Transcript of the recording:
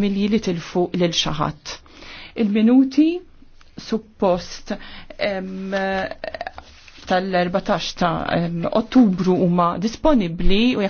milji li tilfu lil xaħat. Il-minuti suppost tal-14 ta' ottubru huma disponibbli u